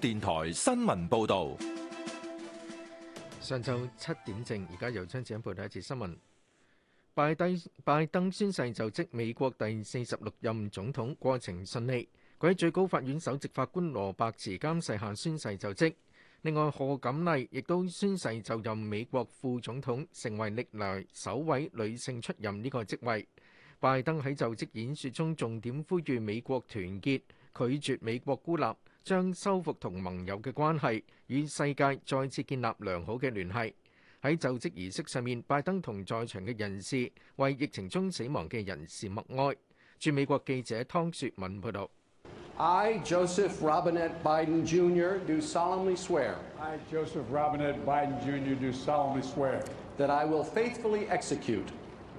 電台新聞報道：上晝七點正，而家由張子欣報道第一節新聞。拜登，拜登宣誓就職，美國第四十六任總統過程順利。佢喺最高法院首席法官羅伯茨監誓下宣誓就職。另外，賀錦麗亦都宣誓就任美國副總統，成為歷來首位女性出任呢個職位。拜登喺就職演說中重點呼籲美國團結，拒絕美國孤立。將修復同盟友嘅關係，與世界再次建立良好嘅聯繫。喺就職儀式上面，拜登同在場嘅人士為疫情中死亡嘅人士默哀。駐美國記者湯雪敏報導。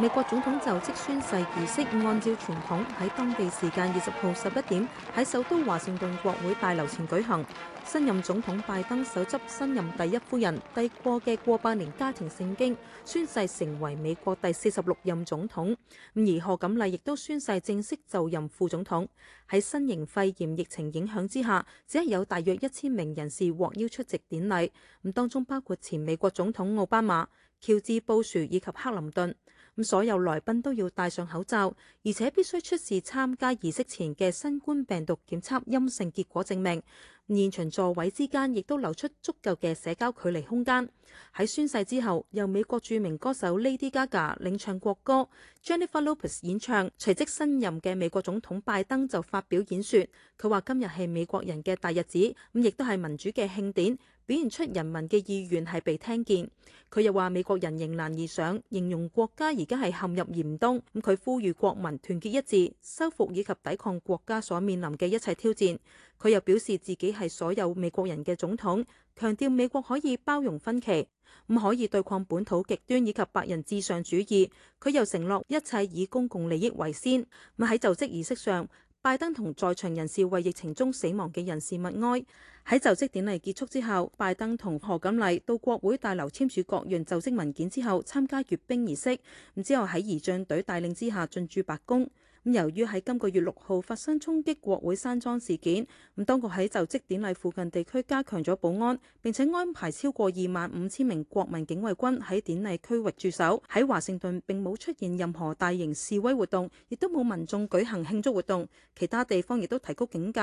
美國總統就職宣誓儀式按照傳統喺當地時間二十號十一點喺首都華盛頓國會大樓前舉行。新任總統拜登手執新任第一夫人遞過嘅過百年家庭聖經，宣誓成為美國第四十六任總統。而賀錦麗亦都宣誓正式就任副總統。喺新型肺炎疫情影響之下，只係有大約一千名人士獲邀出席典禮，咁當中包括前美國總統奧巴馬、喬治布殊以及克林頓。咁所有來賓都要戴上口罩，而且必須出示參加儀式前嘅新冠病毒檢測陰性結果證明。現場座位之間亦都留出足夠嘅社交距離空間。喺宣誓之後，由美國著名歌手 Lady Gaga 領唱國歌，Jennifer Lopez 演唱。隨即新任嘅美國總統拜登就發表演說，佢話今日係美國人嘅大日子，咁亦都係民主嘅慶典。表現出人民嘅意願係被聽見。佢又話，美國人迎難而上，形容國家而家係陷入嚴冬。咁佢呼籲國民團結一致，修復以及抵抗國家所面臨嘅一切挑戰。佢又表示自己係所有美國人嘅總統，強調，美國可以包容分歧，唔可以對抗本土極端以及白人至上主義。佢又承諾一切以公共利益為先。咁喺就職儀式上，拜登同在場人士為疫情中死亡嘅人士默哀。喺就職典禮結束之後，拜登同何錦麗到國會大樓簽署各樣就職文件之後，參加閱兵儀式，然之後喺儀仗隊帶領之下進駐白宮。咁由於喺今個月六號發生衝擊國會山莊事件，咁當局喺就職典禮附近地區加強咗保安，並且安排超過二萬五千名國民警衛軍喺典禮區域駐守。喺華盛頓並冇出現任何大型示威活動，亦都冇民眾舉行慶祝活動。其他地方亦都提高警戒。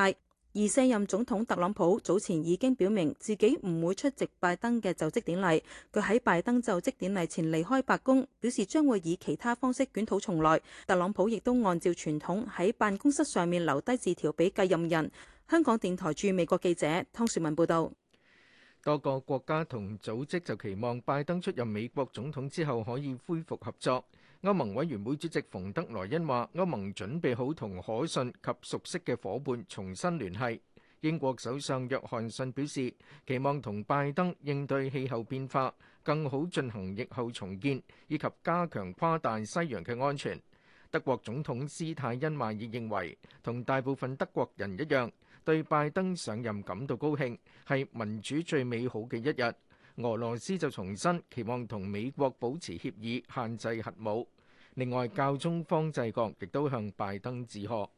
而卸任總統特朗普早前已經表明自己唔會出席拜登嘅就職典禮。佢喺拜登就職典禮前離開白宮，表示將會以其他方式捲土重來。特朗普亦都按照傳統喺辦公室上面留低字條俾繼任人。香港電台駐美國記者湯雪文報道。多個國家同組織就期望拜登出任美國總統之後可以恢復合作。歐盟委員會主席馮德萊恩話：歐盟準備好同可信及熟悉嘅夥伴重新聯繫。英國首相約翰遜表示，期望同拜登應對氣候變化，更好進行疫後重建，以及加強跨大西洋嘅安全。德國總統施泰因邁爾認為，同大部分德國人一樣，對拜登上任感到高興，係民主最美好嘅一日。俄羅斯就重申期望同美國保持協議，限制核武。另外，教宗方濟各亦都向拜登致賀。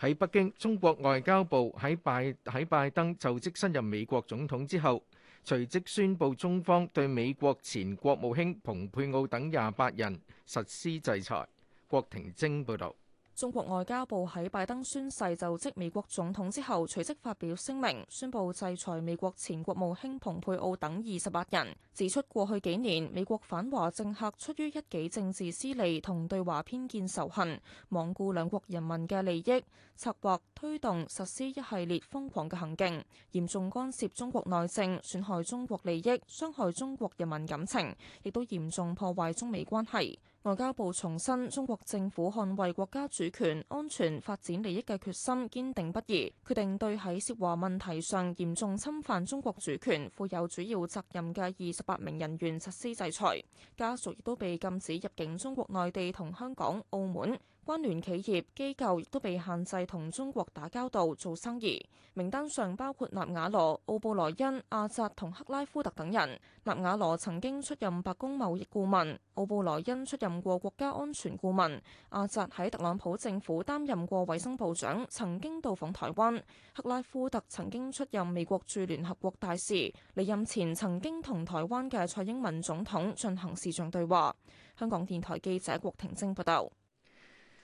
喺北京，中國外交部喺拜喺拜登就職新任美國總統之後，隨即宣布中方對美國前國務卿蓬佩奧等廿八人實施制裁。郭婷晶報導。中國外交部喺拜登宣誓就職美國總統之後，隨即發表聲明，宣布制裁美國前國務卿蓬佩奧等二十八人，指出過去幾年美國反華政客出於一己政治私利同對華偏見仇恨，罔顧兩國人民嘅利益，策劃推動實施一系列瘋狂嘅行徑，嚴重干涉中國內政，損害中國利益，傷害中國人民感情，亦都嚴重破壞中美關係。外交部重申，中國政府捍衛國家主權、安全、發展利益嘅決心堅定不移。決定對喺涉華問題上嚴重侵犯中國主權、負有主要責任嘅二十八名人員實施制裁，家屬亦都被禁止入境中國內地同香港、澳門。關聯企業機構亦都被限制同中國打交道做生意。名單上包括納瓦羅、奧布萊恩、阿扎同克拉夫特等人。納瓦羅曾經出任白宮貿易顧問，奧布萊恩出任過國家安全顧問，阿扎喺特朗普政府擔任過衛生部長，曾經到訪台灣。克拉夫特曾經出任美國駐聯合國大使，離任前曾經同台灣嘅蔡英文總統進行視像對話。香港電台記者郭婷晶報道。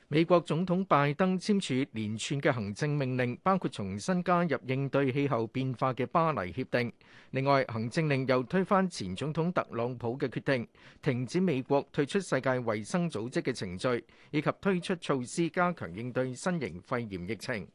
美國總統拜登簽署連串嘅行政命令，包括重新加入應對氣候變化嘅巴黎協定。另外，行政令又推翻前總統特朗普嘅決定，停止美國退出世界衛生組織嘅程序，以及推出措施加強應對新型肺炎疫情。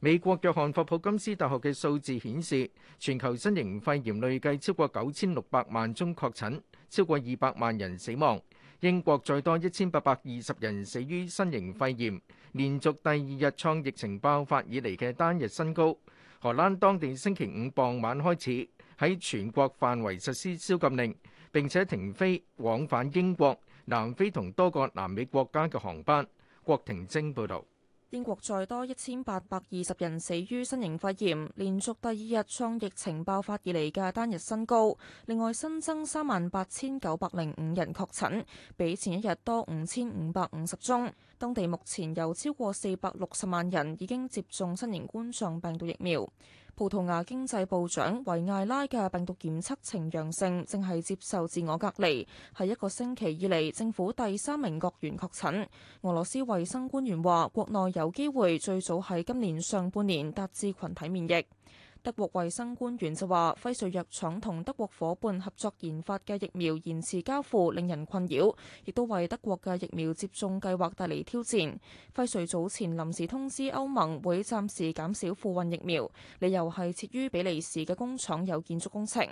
美國約翰霍普金斯大學嘅數字顯示，全球新型肺炎累計超過九千六百萬宗確診，超過二百萬人死亡。英國再多一千八百二十人死於新型肺炎，連續第二日創疫情爆發以來嘅單日新高。荷蘭當地星期五傍晚開始喺全國範圍實施宵禁令，並且停飛往返英國、南非同多個南美國家嘅航班。郭庭晶報導。英國再多一千八百二十人死於新型肺炎，連續第二日創疫情爆發以嚟嘅單日新高。另外新增三萬八千九百零五人確診，比前一日多五千五百五十宗。當地目前有超過四百六十萬人已經接種新型冠狀病毒疫苗。葡萄牙經濟部長維艾拉嘅病毒檢測呈陽性，正係接受自我隔離，係一個星期以嚟政府第三名國員確診。俄羅斯衛生官員話，國內有機會最早喺今年上半年達至群體免疫。德國衛生官員就話，輝瑞藥廠同德國夥伴合作研發嘅疫苗延遲交付令人困擾，亦都為德國嘅疫苗接種計劃帶嚟挑戰。輝瑞早前臨時通知歐盟會暫時減少付運疫苗，理由係設於比利時嘅工廠有建築工程。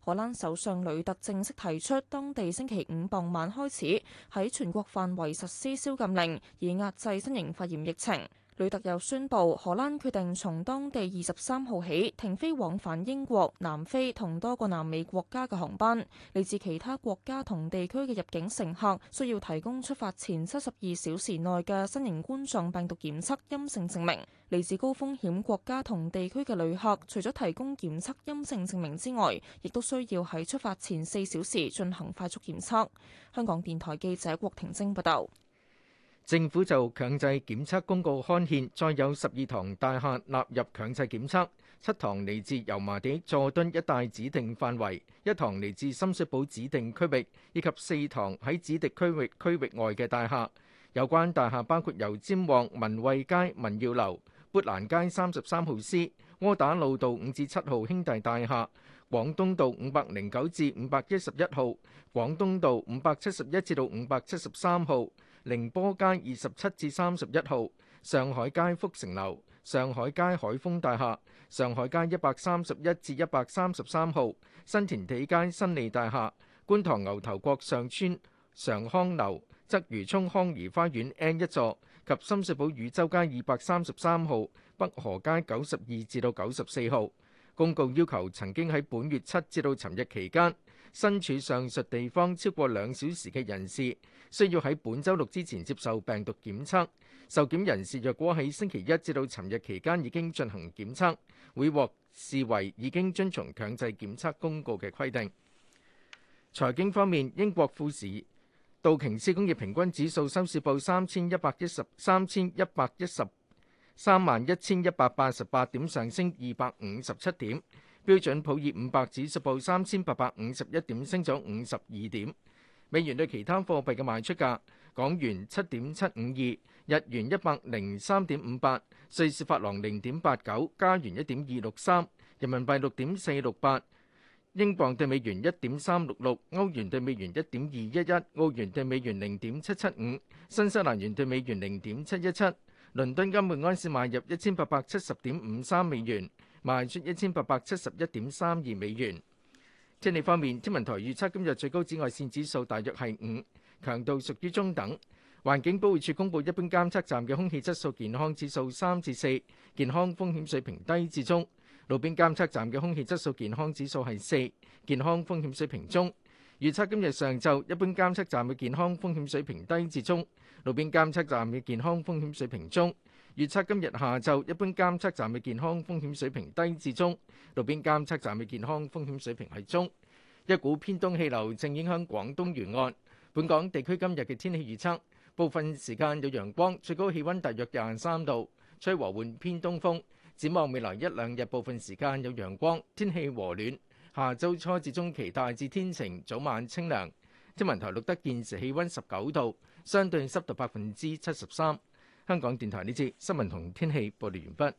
荷蘭首相呂特正式提出，當地星期五傍晚開始喺全國範圍實施宵禁令，以壓制新型肺炎疫情。呂特又宣布，荷蘭決定從當地二十三號起停飛往返，返英國、南非同多個南美國家嘅航班。嚟自其他國家同地區嘅入境乘客需要提供出發前七十二小時內嘅新型冠狀病毒檢測陰性證明。嚟自高風險國家同地區嘅旅客，除咗提供檢測陰性證明之外，亦都需要喺出發前四小時進行快速檢測。香港電台記者郭婷晶報道。政府就強制檢測公告刊憲，再有十二堂大廈納入強制檢測，七堂嚟自油麻地佐敦一帶指定範圍，一堂嚟自深水埗指定區域，以及四堂喺指定區域區域外嘅大廈。有關大廈包括油尖旺文慧街文耀樓、砵蘭街三十三號 C、窩打老道五至七號兄弟大廈、廣東道五百零九至五百一十一號、廣東道五百七十一至到五百七十三號。寧波街二十七至三十一號、上海街福成樓、上海街海豐大廈、上海街一百三十一至一百三十三號、新填地街新利大廈、觀塘牛頭角上邨上康樓、鰂魚涌康怡花園 N 一座及深水埗汝州街二百三十三號、北河街九十二至到九十四號。公告要求曾經喺本月七至到尋日期間，身處上述地方超過兩小時嘅人士，需要喺本周六之前接受病毒檢測。受檢人士若果喺星期一至到尋日期間已經進行檢測，會獲視為已經遵從強制檢測公告嘅規定。財經方面，英國富士道瓊斯工業平均指數收市報三千一百一十三千一百一十三萬一千一百八十八點，上升二百五十七點。標準普爾五百指數報三千八百五十一點，升咗五十二點。美元對其他貨幣嘅賣出價：港元七點七五二，日元一百零三點五八，瑞士法郎零點八九，加元一點二六三，人民幣六點四六八，英鎊對美元一點三六六，歐元對美元一點二一一，澳元對美元零點七七五，新西蘭元對美元零點七一七。倫敦金每安士賣入一千八百七十點五三美元。賣出一千八百七十一點三二美元。天氣方面，天文台預測今日最高紫外線指數大約係五，強度屬於中等。環境保護署公布，一般監測站嘅空氣質素健康指數三至四，健康風險水平低至中；路邊監測站嘅空氣質素健康指數係四，健康風險水平中。預測今日上晝，一般監測站嘅健康風險水平低至中；路邊監測站嘅健康風險水平中。預測今日下晝，一般監測站嘅健康風險水平低至中，路邊監測站嘅健康風險水平係中。一股偏東氣流正影響廣東沿岸，本港地區今日嘅天氣預測，部分時間有陽光，最高氣溫大約廿三度，吹和緩偏東風。展望未來一兩日，部分時間有陽光，天氣和暖。下周初至中期大致天晴，早晚清涼。天文台錄得現時氣溫十九度，相對濕度百分之七十三。香港電台呢節新聞同天氣報道完畢。